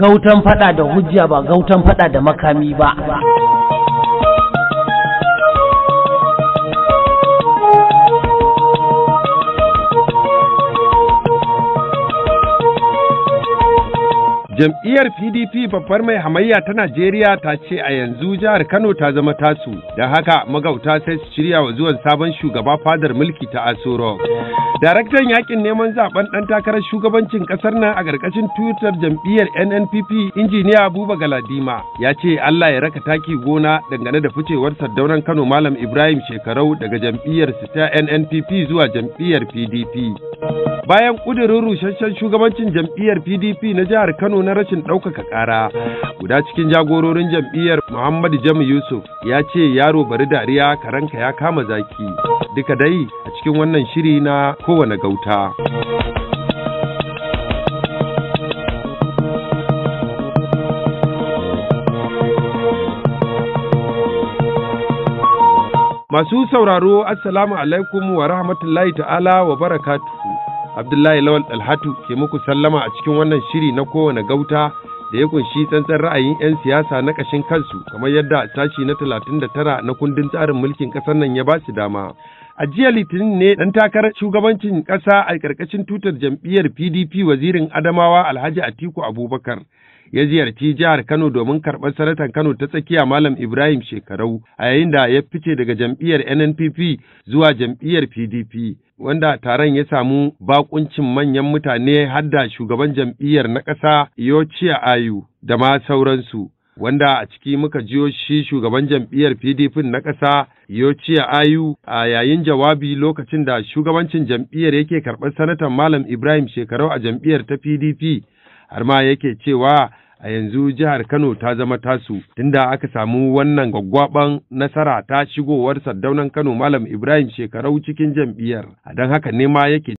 gautan fada da hujja ba gautan fada da makami ba Jam'iyyar PDP babbar mai hamayya ta Najeriya ta ce a yanzu jihar Kano ta zama tasu, da haka magauta sai su shirya wa zuwan sabon shugaba fadar mulki ta Asoro. Daraktan yakin neman zaben ɗan takarar shugabancin ƙasar nan a gargashin Twitter jam'iyyar NNPP injiniya Buba Galadima ya ce Allah ya raka taki gona dangane da ficewar sardauran Kano Malam Ibrahim Shekarau daga jam'iyyar ta NNPP zuwa jam'iyyar PDP. Bayan ƙudurin rushasshen shugabancin jam'iyyar PDP na jihar Kano na rashin ɗaukaka ƙara, guda cikin jagororin jam'iyyar muhammadu Jami yusuf ya ce yaro bari dariya karanka ya kama zaki duka dai a cikin wannan shiri na kowane gauta Masu sauraro, Assalamu alaikum wa rahmatullahi ta'ala wa barakatuhu. Abdullahi Lawal Dalhatu ke muku sallama a cikin wannan shiri na kowane gauta da ya kunshi tsantsan ra'ayin 'yan siyasa na ƙashin kansu kamar yadda sashi na 39 na kundin tsarin mulkin ƙasar nan ya ba su dama. A jiya Litinin ne ɗan takarar shugabancin ƙasa a ƙarƙashin tutar jam'iyyar PDP wazirin Adamawa Alhaji Atiku Abubakar ya ziyarci jihar Kano domin karɓar sanatan Kano ta tsakiya Malam Ibrahim Shekarau a yayin da ya fice daga jam'iyyar NNPP zuwa jam'iyyar PDP. Wanda taron ya samu bakuncin manyan mutane har da shugaban jam'iyyar na ƙasa Yociya Ayu da ma sauransu. wanda a ciki muka jiyo shi shugaban jam'iyyar PDP na ƙasa Yociya Ayu a yayin jawabi lokacin da shugabancin jam'iyyar yake karɓar sanatan Malam Ibrahim Shekarau a jam'iyyar ta PDP har ma yake cewa a yanzu jihar Kano ta zama tasu tunda aka samu wannan gwaggwaban nasara ta shigowar sardaunan Kano Malam Ibrahim shekarau cikin jam'iyyar a don haka ne ma yake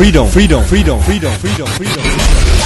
非常非常非常非常非常非常。